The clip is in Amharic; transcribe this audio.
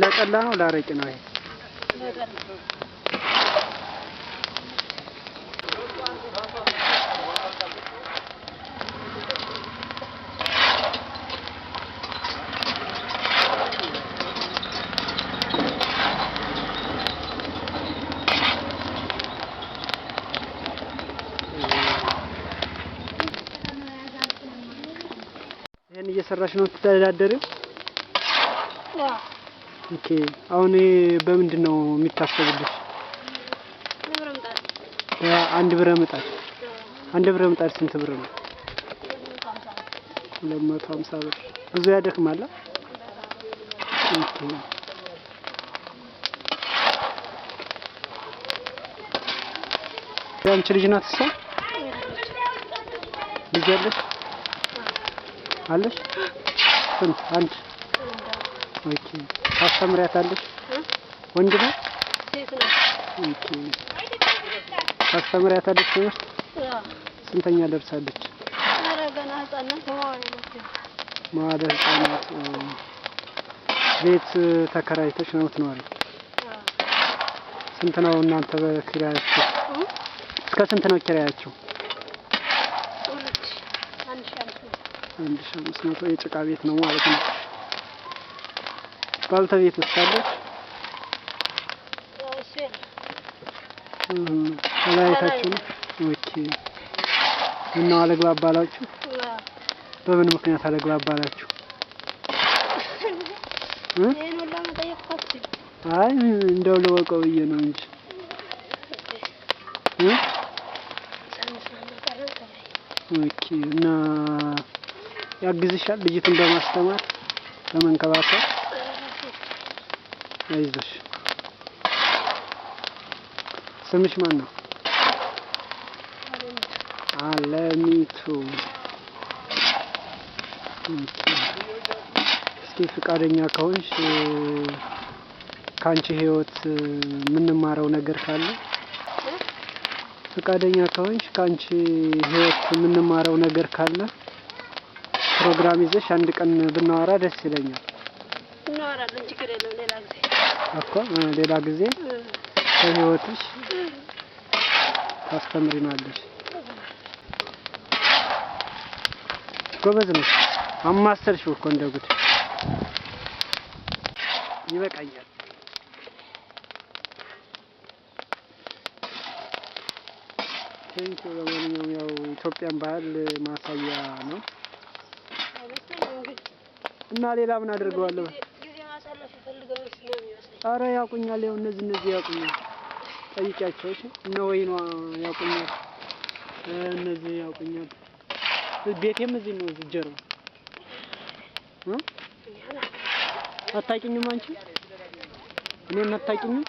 ለጠላ ነው ላረቂ ነው? ይሄ ይህን እየሰራሽ ነው የምትተዳደሪው? ኦኬ። አሁን በምንድን ነው የሚታሰብልሽ? አንድ ብር ምጣድ። አንድ ብር ምጣድ ስንት ብር ነው? ሁለት መቶ ሀምሳ ብር። ብዙ ያደክማል። ኦኬ ያንቺ ልጅ ናት እሷ? ልጅ አለሽ? አለሽ? ስንት? አንድ ኦኬ። ታስተምሪያታለሽ? ወንድ ነው ሴት ነው? ኦኬ። ታስተምሪያታለሽ ትምህርት? ስንተኛ ደርሳለች? ኧረ ገና መዋለ ህጻናት ቤት ተከራይተሽ ነው ትኖሪ? ስንት ነው እናንተ በኪራያችሁ? እስከ ስንት ነው ኪራያችሁ? አንድ ሺህ አምስት መቶ የጭቃ ቤት ነው ማለት ነው። ባልተቤት ውስጥ ተለያይታችሁ ነው? ኦኬ። እና አለግባባላችሁ? በምን ምክንያት አለግባባላችሁ? አይ እንደው ልወቀው ብዬ ነው እንጂ ኦኬ። እና ያግዝሻል ልጅቱን በማስተማር በመንከባከብ አይዞሽ። ስምሽ ማን ነው? አለሚቱ። እስኪ ፍቃደኛ ከሆንሽ ከአንቺ ህይወት የምንማረው ነገር ካለ ፍቃደኛ ከሆንሽ ከአንቺ ህይወት የምንማረው ነገር ካለ ፕሮግራም ይዘሽ አንድ ቀን ብናወራ ደስ ይለኛል። እናወራለን። ችግር ሌላ ጊዜ እኮ ሌላ ጊዜ ከህይወትሽ ታስተምሪናለሽ። ጎበዝ ነሽ። እኮ እንደ ጉድ። ይበቃኛል። ቴንኪው። ለማንኛውም ያው ኢትዮጵያን ባህል ማሳያ ነው እና ሌላ ምን አድርገዋለሁ? አረ ያቁኛል። ያው እነዚህ እነዚህ ያቁኛል። ጠይቂያቸው እሺ። እነ ወይኗ ያቁኛል። እነዚህ ያቁኛል። ቤቴም እዚህ ነው፣ እዚህ ጀርባ። አታውቂኝም አንቺ እኔን አታውቂኝም?